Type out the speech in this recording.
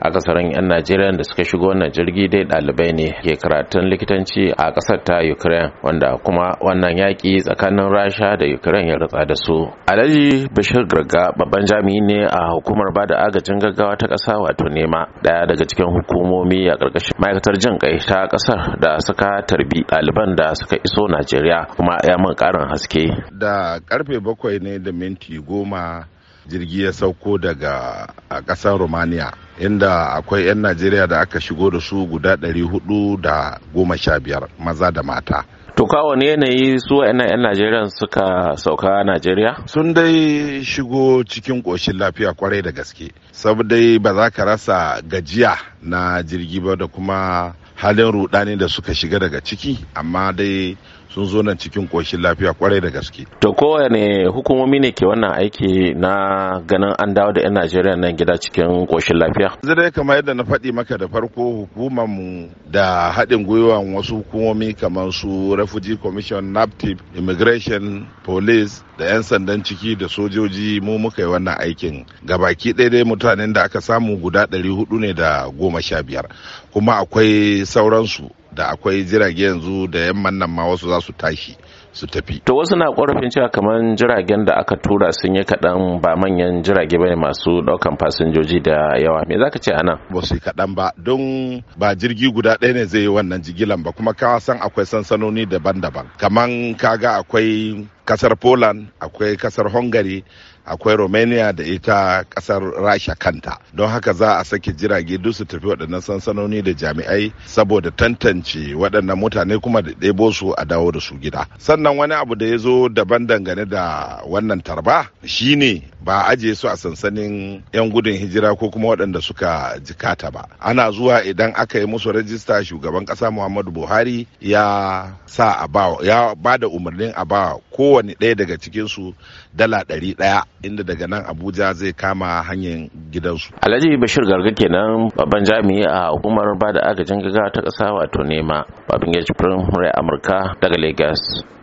akasarin 'yan najeriya da suka shigo wannan jirgi dai dalibai ne ke karatun likitanci a kasar ta ukraine wanda kuma wannan yaƙi tsakanin rasha da ukraine ya ratsa da su alhaji bashir garga babban jami'i ne a hukumar bada agajin gaggawa ta ƙasa wato nema ɗaya daga cikin hukumomi a ƙarƙashin ma'aikatar jin kai ta ƙasar da suka tarbi ɗaliban da suka iso najeriya kuma ya min ƙarin haske da karfe bakwai ne da minti goma jirgi ya sauko daga ƙasar romania inda akwai 'yan najeriya da aka shigo da su guda 415 maza da mata To kawo ne yanayi su wa'annan 'yan Najeriya suka sauka Najeriya? Sun dai shigo cikin ƙoshin lafiya kwarai da gaske. saboda dai ba za ka rasa gajiya na jirgi ba da kuma halin rudani da suka shiga daga ciki amma dai sun zo nan cikin koshin lafiya kwarai da gaske. To kowane hukumomi ne ke wannan aiki na ganin an dawo da 'yan Najeriya nan gida cikin koshin lafiya? Zai kamar yadda na faɗi maka da farko hukumar mu da haɗin gwiwa wasu hukumomi kamar su Refugee Commission, NAPTIP, Immigration, Police da 'yan sandan ciki da sojoji mu muka yi wannan aikin. Gabaki ɗaya dai mutanen da aka samu guda ɗari hudu ne da goma sha biyar. Kuma akwai sauransu da akwai jirage yanzu da yamman nan ma wasu za su tashi su tafi. To wasu na korafin cewa kamar jiragen da aka tura sun yi kaɗan ba manyan jirage bane masu ɗaukan fasinjoji da yawa. Me zaka ce anan? Ba su yi kaɗan ba don ba jirgi guda ɗaya ne zai yi wannan jigilan ba kuma ka san akwai sansanoni daban-daban. Kaman kaga akwai kasar poland akwai kasar hungary akwai romania da ita kasar rasha kanta don haka za a sake jirage duk su tafi waɗannan sansanoni da jami'ai saboda tantance waɗannan mutane kuma da ɗebo su a dawo da su gida sannan wani abu da ya zo daban dangane da wannan tarba shine ba a ajiye su a sansanin 'yan gudun hijira ko kuma waɗanda suka jikata ba ana zuwa idan aka yi musu rajista shugaban ƙasa muhammadu buhari ya sa a ba ya ba da umarnin a ba kowane ɗaya daga cikinsu dala ɗari ɗaya inda daga nan abuja zai kama hanyar gidansu alhaji bashir garga kenan babban jami'i a hukumar ba da agajin gaggawa ta ƙasa wato nema babin ya amurka daga lagos